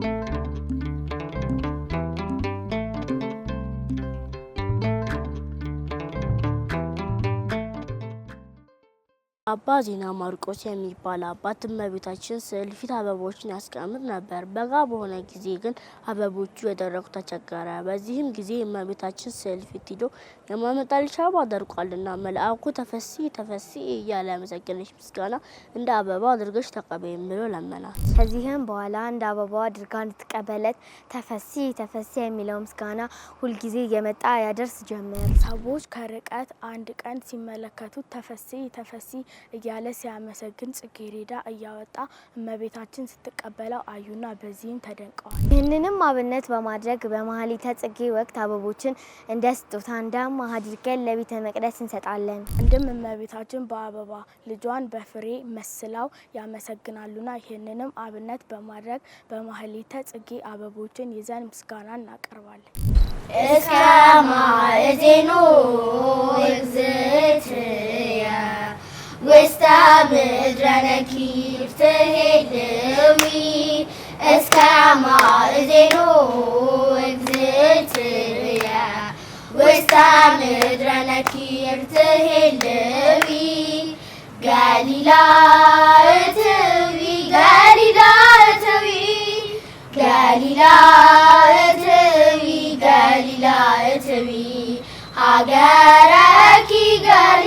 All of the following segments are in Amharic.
thank you አባ ዜና ማርቆስ የሚባል አባት እመቤታችን ስዕል ፊት አበቦችን ያስቀምጥ ነበር። በጋ በሆነ ጊዜ ግን አበቦቹ የደረቁ ተቸገረ። በዚህም ጊዜ እመቤታችን ስዕል ፊት ሂዶ የማመጣልሽ አበባ ደርቋልና መልአኩ ተፈሲ ተፈሲ እያለ ያመሰገነች ምስጋና እንደ አበባ አድርገሽ ተቀበይ ብሎ ለመናት። ከዚህም በኋላ እንደ አበባ አድርጋ እንድትቀበለት ተፈሲ ተፈሲ የሚለው ምስጋና ሁልጊዜ እየመጣ ያደርስ ጀመር። ሰዎች ከርቀት አንድ ቀን ሲመለከቱት ተፈሲ ተፈሲ እያለ ሲያመሰግን ጽጌሬዳ እያወጣ እመቤታችን ስትቀበለው አዩና በዚህም ተደንቀዋል። ይህንንም አብነት በማድረግ በመሀሊተ ጽጌ ወቅት አበቦችን እንደ ስጦታ እንዳም አድርገን ለቤተ መቅደስ እንሰጣለን። እንድም እመቤታችን በአበባ ልጇን በፍሬ መስላው ያመሰግናሉና ይህንንም አብነት በማድረግ በማህሌተ ጽጌ አበቦችን ይዘን ምስጋና እናቀርባለን። ምድረ ነኪር ትሄልዊ እስከ ማእዜኖ እግዝእትየ ውስተ ምድረ ነኪር ትሄልዊ ገሊላ እትዊ ገሊላ እትዊ ገሊላ እትዊ ገሊላ እትዊ ሀገረኪ ገሊ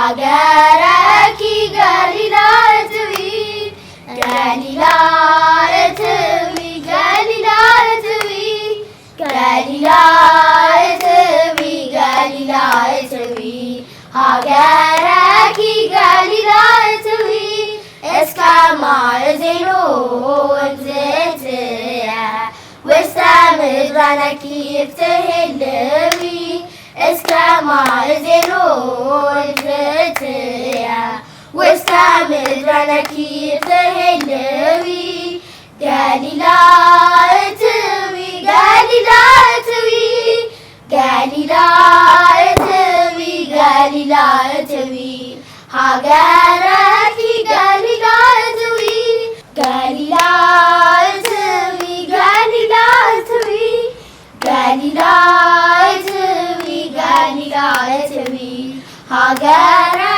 አገረኪ ገሊላ እትቢ ገሊላ እትቢ ገሊላ እትቢ ገሊላ እትቢ ገሊላ እትቢ ሃገረኪ ገሊላ እትቢ እስከ ማይ ዜኖን ዝትየ ውስተ ምድረነኪ ይፍትህልም እስከ ማእዝኑ ፍትያ ውስተ ምድረ ነኪብ ህልዊ ገሊላ እትዊ ገሊላ እትዊ ገሊላ እትዊ ገሊላ እትዊ ሀገረ I'll Hagara.